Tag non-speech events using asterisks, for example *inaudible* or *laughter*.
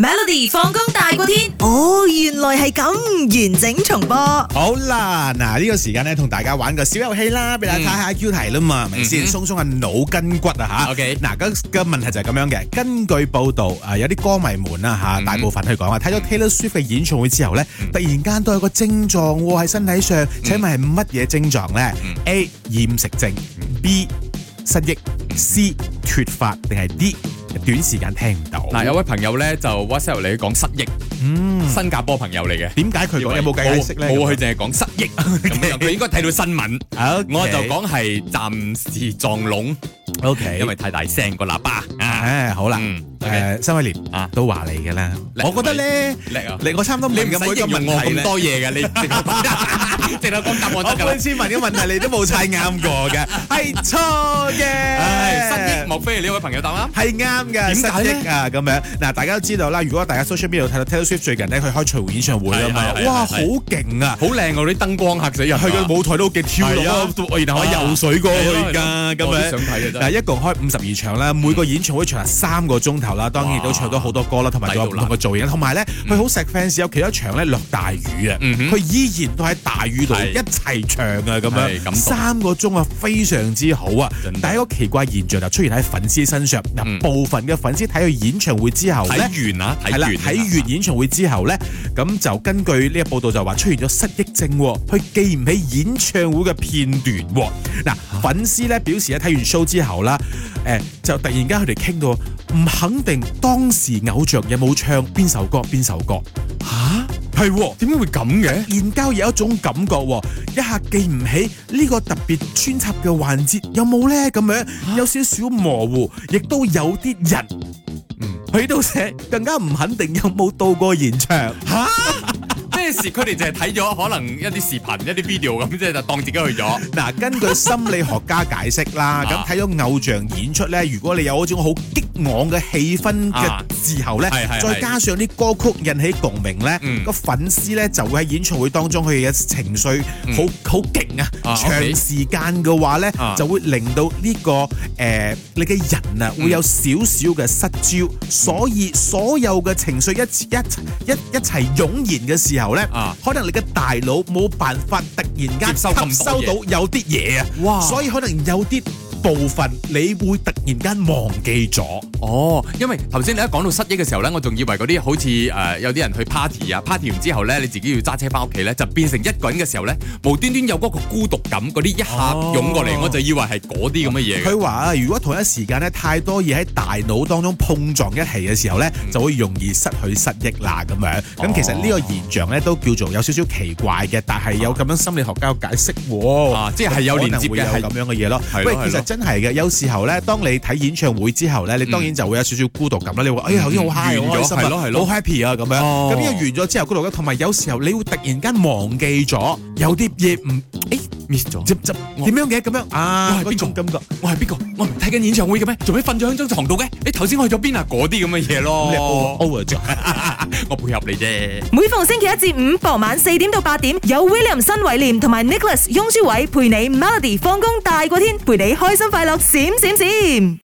Melody 放工大過天，哦，原來係咁，完整重播。好啦，嗱呢個時間咧，同大家玩個小遊戲啦，俾大家睇下 I Q 題啦嘛，明先？鬆鬆下腦筋骨啊吓。OK，嗱，嗰個問題就係咁樣嘅。根據報道，有啲歌迷們啊吓，大部分去講話，睇咗 okay. Taylor Swift 嘅演唱會之後咧，突然間都有個症狀喎，喺身體上，請問係乜嘢症狀呢？A 厭食症，B 失憶，C 脫髮定係 D 短時間聽唔到。嗱，有位朋友咧就 WhatsApp 你講失憶，嗯，新加坡朋友嚟嘅。點解佢講有冇解釋咧？冇啊，佢淨係講失憶，咁樣佢應該睇到新聞。好，我就講係暫時撞聾，OK，因為太大聲個喇叭啊，唉，好啦，誒，新威廉啊，都話你嘅啦，我覺得咧叻啊，你我差唔多，你唔使要問我咁多嘢噶，你，直頭講答案得噶啦，我先問啲問題，你都冇猜啱過嘅，係錯嘅。飛，呢位朋友答啦，係啱㗎。點解咧？啊，咁樣嗱，大家都知道啦。如果大家 social media 度睇到 Taylor Swift 最近咧，佢開巡迴演唱會啊嘛，哇，好勁啊，好靚喎啲燈光嚇死人，去個舞台都好勁跳落，然後可以游水過去㗎咁樣。想睇啊！得，啊，一共開五十二場啦，每個演唱會場三個鐘頭啦，當然都唱到好多歌啦，同埋個唔同嘅造型。同埋咧，佢好錫 fans 有，其中一場咧落大雨啊，佢依然都喺大雨度一齊唱啊咁樣，三個鐘啊，非常之好啊。但係一個奇怪現象就出現喺粉絲身上，嗱，部分嘅粉絲睇佢演唱會之後睇完啊，睇完睇完演唱會之後呢，咁就根據呢個報道就話出現咗失憶症，佢記唔起演唱會嘅片段。嗱、嗯，粉絲呢表示呢睇完 show 之後啦，誒、呃，就突然間佢哋傾到唔肯定當時偶像有冇唱邊首歌邊首歌，吓？啊係，點解會咁嘅？現交有一種感覺喎，一下記唔起呢個特別專輯嘅環節有冇咧？咁樣有少少模糊，亦都有啲人嗯，喺度寫，更加唔肯定有冇到過現場。嚇咩事？佢哋淨係睇咗可能一啲視頻、一啲 video 咁，即係就當自己去咗。嗱，根據心理學家解釋啦，咁睇咗偶像演出咧，如果你有嗰種好激。我嘅氣氛嘅時候呢，啊、再加上啲歌曲引起共鳴呢，個、嗯、粉絲呢就會喺演唱會當中佢嘅情緒好好勁啊！長時間嘅話呢，啊、okay，就會令到呢、呢個誒、呃、你嘅人啊、嗯、會有少少嘅失焦，所以所有嘅情緒一一一一齊湧現嘅時候呢，啊、可能你嘅大腦冇辦法突然間吸收到有啲嘢啊，哇所以可能有啲部分你會突然間忘記咗。哦，因為頭先你一講到失憶嘅時候咧，我仲以為嗰啲好似誒、呃、有啲人去 party 啊 *coughs* ，party 完之後咧，你自己要揸車翻屋企咧，就變成一個人嘅時候咧，無端端有個個孤獨感，嗰、那、啲、個、一下湧過嚟，我就以為係嗰啲咁嘅嘢，佢話啊，如果同一時間咧太多嘢喺大腦當中碰撞一起嘅時候咧，嗯、就會容易失去失憶啦。咁樣，咁其實呢個現象咧都叫做有少少奇怪嘅，但係有咁樣心理學家解釋、哦啊啊，即係有連接嘅係咁樣嘅嘢咯。喂，的的其實真係嘅，有時候咧，當你睇演唱會之後咧，你當然、嗯。然、嗯。就會有少少孤獨感啦。你話哎呀，頭先好 high，係咯，係咯，好 happy 啊，咁樣。咁呢個完咗之後，孤獨感。同埋有時候你會突然間忘記咗，有啲嘢唔誒 miss 咗，點樣嘅咁樣？我係邊個？我係邊個？我唔睇緊演唱會嘅咩？做咩瞓咗響張床度嘅？你頭先我去咗邊啊？嗰啲咁嘅嘢咯。over，over，我配合你啫。每逢星期一至五傍晚四點到八點，有 William 新偉廉同埋 Nicholas 雍舒偉陪你 Melody 放工大過天，陪你開心快樂閃閃閃。